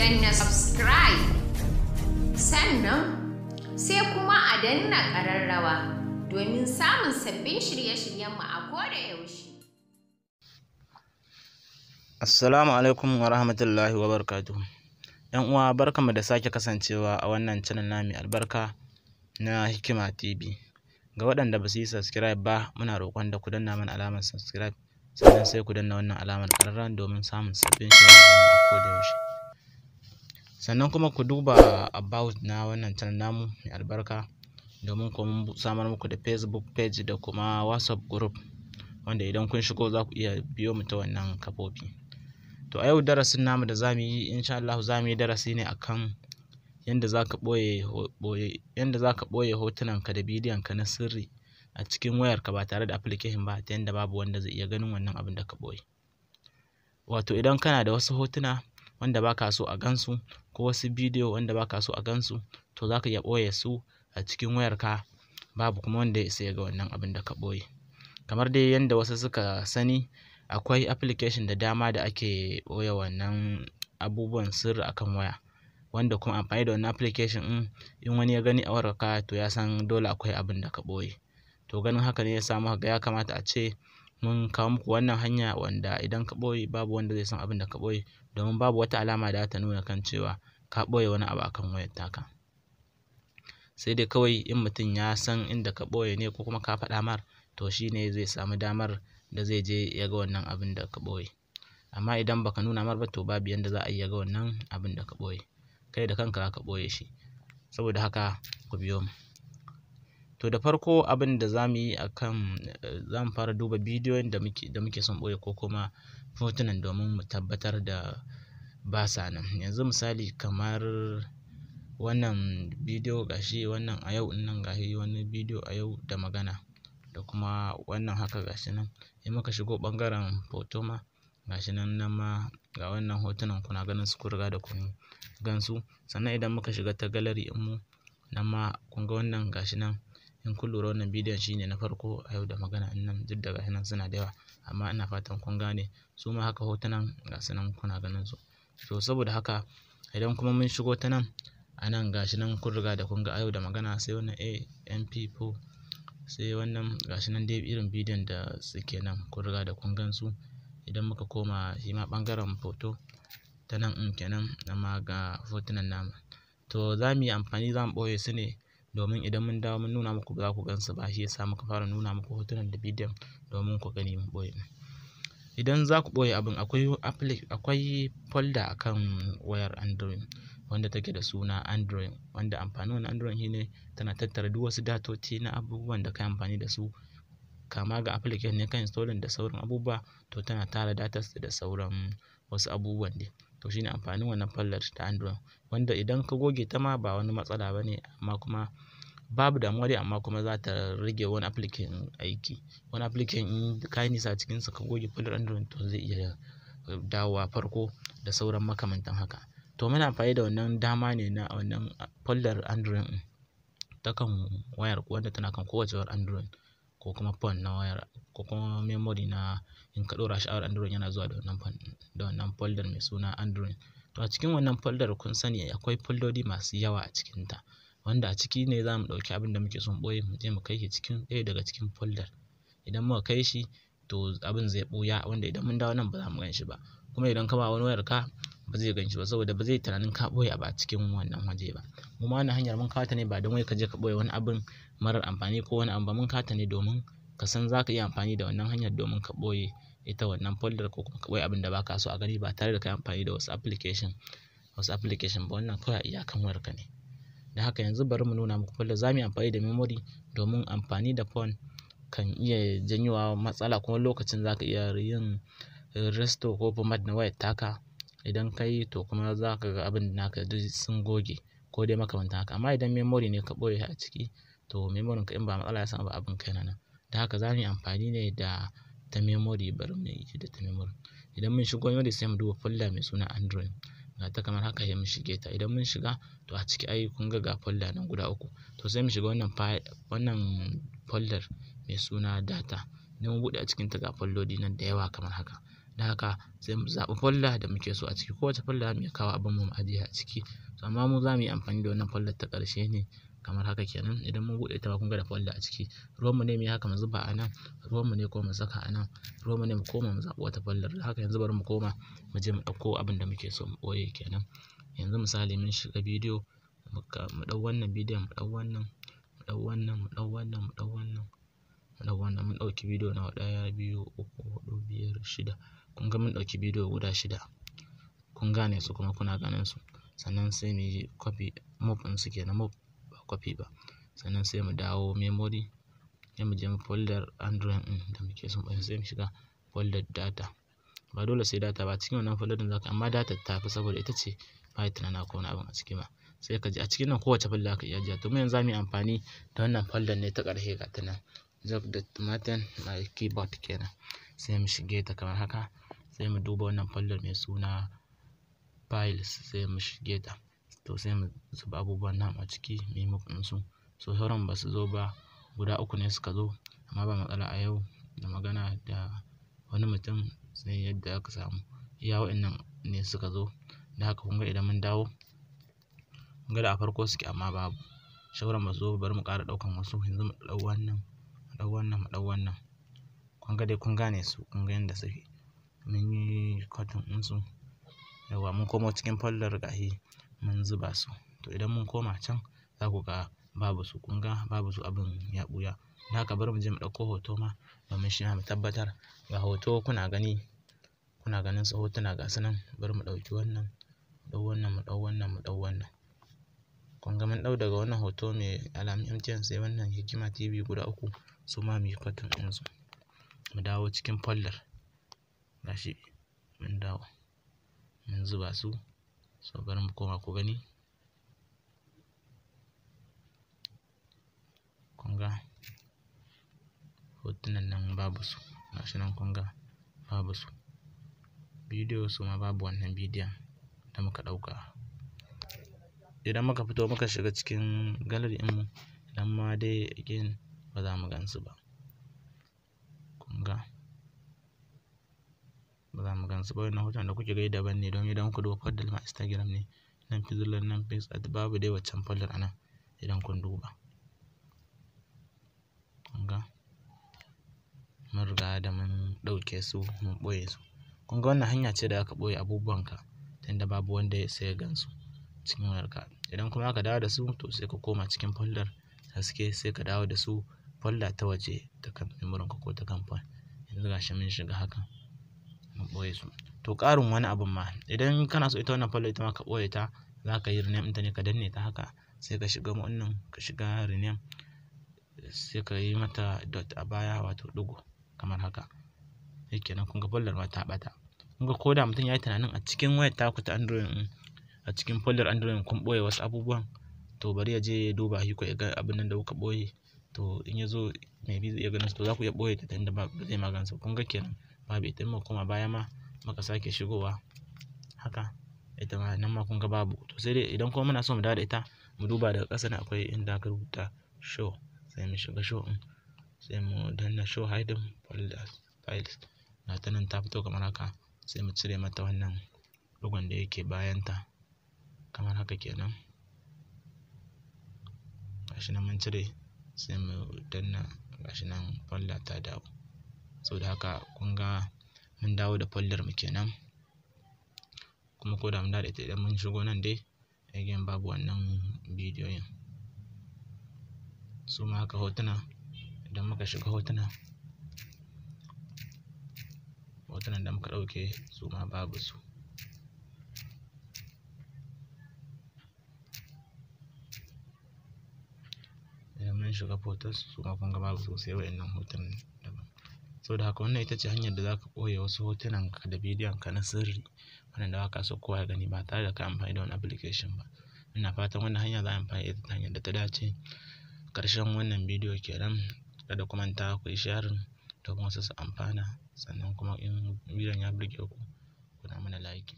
danna subscribe sannan sai kuma a danna ƙararrawa domin samun sabbin shirye-shiryenmu a koda yaushe. Assalamu alaikum wa rahmatullahi wa barakatuhu. ‘Yan uwa barkamu da sake kasancewa a wannan channel nami albarka na Hikima TV. Ga waɗanda ba su yi subscribe ba muna roƙon da ku danna mana alamar subscribe sannan sai ku danna wannan alamar ƙararrawa domin samun sabbin shirye mu a koda yaushe. sannan kuma ku duba about na wannan channel namu mai albarka domin kuma samar muku da facebook page da kuma whatsapp group wanda idan kun shigo za ku iya biyo mu ta wannan kafofi to a yau darasin namu da za mu yi insha Allah za mu yi darasi ne akan yanda za ka boye yanda za ka ɓoye hotunanka da bidiyonka na sirri a cikin wayarka ba tare da application ba ta yanda babu wanda zai iya ganin wannan abin da ka ɓoye wato idan kana da wasu hotuna wanda baka so a gansu ko wasu bidiyo wanda baka so a gansu to zaka iya ɓoye su a cikin wayarka babu kuma wanda ya isa ya ga wannan abin da ka ɓoye kamar dai yadda wasu suka sani akwai application da dama da ake ɓoye wannan abubuwan sirri akan waya wanda kuma amfani da wannan application in in wani ya gani a wayarka to ya san dole akwai abin da ka ɓoye to ganin haka ne ya samu muka ga ya kamata a ce mun kawo muku wannan hanya wanda idan ka ɓoye babu wanda zai san abin da ka ɓoye domin babu wata alama da ta nuna kan cewa ka ɓoye wani abu akan wayar taka sai dai kawai in mutum ya san inda ka ɓoye ne ko kuma ka faɗa mar to shi ne zai samu damar da zai je ya ga wannan abin da ka ɓoye amma idan baka nuna mar ba to babu yanda za a iya ga wannan abin da ka ɓoye kai da kanka ka ɓoye shi saboda haka ku biyo mu to da farko abin da za mu yi akan za mu fara duba bidiyon da muke son ɓoye ko kuma hotunan domin mu tabbatar da ba sa nan yanzu misali kamar wannan bidiyo gashi wannan a yau in nan gashi wani bidiyo a yau da magana da kuma wannan haka gashi nan in muka shigo ɓangaren hoto ma gashi nan nan ma ga wannan hotunan kuna ganin su kun riga da kun gan su sannan idan muka shiga ta gallery ɗin mu nan ma kun ga wannan gashi nan in kun lura wannan bidiyon shine na farko a yau da magana in nan duk da gashi nan suna da yawa amma ina fatan kun gane su ma haka hotunan ga su nan kuna ganin su to saboda haka idan kuma mun shigo ta nan a nan gashi nan kun riga da kun ga a yau da magana sai wannan amp4 sai wannan gashi nan dai irin bidiyon da suke nan kun riga da kun gan su idan muka koma shi ma ɓangaren foto ta nan in kenan amma ga hotunan namu to za mu yi amfani za mu ɓoye su ne domin idan mun dawo mun nuna muku za ku su ba shi yasa muka fara nuna muku hotunan da bidiyon domin ku gani mu boye idan za ku ɓoye abin akwai akwai folder akan wayar android wanda take da suna android wanda amfanin wani android ne tana tattara duk wasu datoci na abubuwan da ka amfani da su kama ga application ne kan installing da sauran abubuwa to tana tara datas da sauran wasu abubuwan dai To shine amfanin wannan fallar ta Android wanda idan ka goge ta ma ba wani matsala ba amma kuma babu damuwa dai amma kuma za ta rage wani application aiki. Wani application in ka yi nisa cikinsa ka goge fallar Android to zai iya dawowa farko da sauran makamantan haka. To muna amfani da wannan dama ne na wannan fallar Android kan wayar wanda tana kan kowace wayar Android. ko kuma phone na wayar ko kuma memory na in ka ɗora shi a Android yana zuwa da wannan phone da wannan folder mai suna Android. To a cikin wannan folder kun sani akwai foldodi masu yawa a cikin ta wanda a ciki ne za mu ɗauki abin da muke son ɓoye mu je mu kai shi cikin ɗaya daga cikin folder. Idan muka kai shi to abin zai ɓuya wanda idan mun dawo nan ba za mu gan ba. Kuma idan ka ba wani wayar ka ba zai ganshi ba saboda ba zai tunanin ka boye ba a cikin wannan waje ba mu ma wannan hanyar mun kawo ta ne ba don wai ka je ka ɓoye wani abin marar amfani ko wani abu ba mun kawo ne domin ka san za ka yi amfani da wannan hanyar domin ka ɓoye ita wannan folder ko kuma ka ɓoye abin da ba so a gani ba tare da ka amfani da wasu application wasu application ba wannan kawai a iyakan wayarka ne da haka yanzu bari mu nuna muku folder za mu yi amfani da memory domin amfani da phone kan iya janyowa matsala kuma lokacin za ka iya yin resto ko format na wayar taka idan ka yi to kuma za ka ga abin naka duk sun goge ko dai makamanta haka amma idan memory ne ka ɓoye a ciki to memory ka in ba matsala ya samu ba abin kai nan da haka za mu yi amfani ne da ta memory bari mu yi da ta memory idan mun shigo memory sai mu duba folder mai suna android ga ta kamar haka sai mu shige ta idan mun shiga to a ciki ai kun ga ga folder nan guda uku to sai mu shiga wannan wannan folder mai suna data idan mun buɗe a cikin ta ga follodi nan da yawa kamar haka da haka sai mu zaɓi folda da muke so a ciki kowace folda mu iya kawo abin mu ajiye a ciki to amma mu za mu yi amfani da wannan folda ta ƙarshe ne kamar haka kenan idan mun buɗe ta kun ga da folda a ciki ruwan mu ne mu yi haka mu zuba a nan ruwan mu ne ko mu saka a nan ruwan mu ne mu koma mu zaɓi wata foldar haka yanzu bari mu koma mu je mu ɗauko abin da muke so mu ɓoye kenan yanzu misali mun shiga bidiyo mu ɗau wannan bidiyon mu ɗau wannan mu ɗau wannan mu ɗau wannan mu ɗau wannan mu ɗau wannan mun ɗauki bidiyo nawa ɗaya biyu uku huɗu biyar shida kun ga mun ɗauki bidiyo guda shida kun gane su kuma kuna ganin su sannan sai mu yi copy mob ɗin su na mob? ba copy ba sannan sai mu dawo memori? sai mu je mu folder android ɗin da muke son ɓoye sai mu shiga folder data ba dole sai data ba cikin wannan folder ɗin zaka amma data ta fi saboda ita ce ba tunana ko wani abin a ciki ba sai ka je a cikin nan kowace folder ka iya jiya to mu yanzu za mu yi amfani da wannan folder ne ta ƙarshe ga ta nan jog da tumatir na keyboard kenan sai mu shige ta kamar haka sai mu duba wannan folder mai suna files sai mu shige ta to sai mu zuba abubuwan nan a ciki mu yi mafin su so sauran ba su zo ba guda uku ne suka zo amma ba matsala a yau da magana da wani mutum sai yadda aka samu iya wa'annan ne suka zo da haka kun ga idan mun dawo kun ga da a farko suke amma babu shauran ba su zo bari mu ƙara ɗaukan wasu yanzu mu ɗau wannan mu ɗau wannan mu ɗau wannan kun ga dai kun gane su kun ga yadda suke mun yi cotton su Yawa mun komo cikin folder gahi mun zuba su to idan mun koma can za ku ga babu su kun babu su abin ya ɓuya da haka bari mu je mu ɗauko hoto ma domin shi mu tabbatar ga hoto kuna gani kuna ganin su hotuna ga su nan bari mu ɗauki wannan ɗau wannan mu ɗau wannan mu ɗau wannan kun ga mun ɗau daga wannan hoto mai alamun MTN sai wannan Hikima TV guda uku su ma mu yi cotton ɗinsu mu dawo cikin folder gashi mun dawo mun zuba su so bari mu koma ku gani kunga hotunan nan babu su gashi nan kunga babu su bidiyo su ma babu wannan bidiyon da muka ɗauka idan muka fito muka shiga cikin gallery mu dan ma dai again ba za mu gan su ba kunga ba za mu gansu ba wannan hoton da kuke gani daban ne don idan ku duba folder ma Instagram ne nan pixel nan pixel babu dai waccan folder anan idan kun duba mun riga da mun ɗauke su mun ɓoye su kun ga wannan hanya ce da aka ɓoye abubuwanka tunda babu wanda ya sai ya gansu cikin wayarka idan kuma aka dawo da su to sai ka koma cikin folder da sai ka dawo da su folder ta waje ta kan memory ko ta kan yanzu gashi mun shiga hakan ɓoye su to ƙarin wani abun ma idan kana so ita wannan folder ita ma ka ɓoye ta za ka yi rename ɗinta ne ka danne ta haka sai ka shiga wannan ka shiga rename sai ka yi mata dot a baya wato ɗigo kamar haka shikenan kun ga folder ma ta ɓata kun ga ko da mutum ya yi tunanin a cikin wayar taku ta android a cikin fallar android kun ɓoye wasu abubuwan to bari ya je ya duba shi ko ya ga abin nan da kuka ɓoye to in ya zo mai bi zai iya ganin su to za ku iya ɓoye ta ta inda ba zai su kun ga kenan babu ita in muka koma baya ma muka sake shigowa haka ita ma nan ma kun ga babu to sai dai idan kuma muna so mu dawo da ita mu duba daga ƙasa na akwai inda aka rubuta show sai mu shiga show ɗin sai mu danna show hidden files na ta nan ta fito kamar haka sai mu cire mata wannan bugun da yake bayan ta kamar haka kenan gashi nan mun cire sai mu danna gashi nan folder ta dawo saboda haka kun ga mun dawo da folder mu kenan kuma ko da mun dawo da ita idan mun shigo nan dai again babu wannan bidiyoyin su ma haka hotuna idan muka shiga hotuna hotunan da muka ɗauke su ma babu su idan mun shiga photos su ma kun ga babu su sai wa'innan hotunan da haka wannan ita ce hanyar da za ka ɓoye wasu hotunan ka da bidiyon ka na sirri waɗanda ba ka so kowa ya gani ba tare da ka amfani da wani application ba. Ina fatan wannan hanya za a amfani da ita ta hanyar da ta dace. Karshen wannan bidiyo kenan kada ku manta ku yi sharing to kuma su amfana sannan kuma in bidiyon ya burge ku, ku na mana like.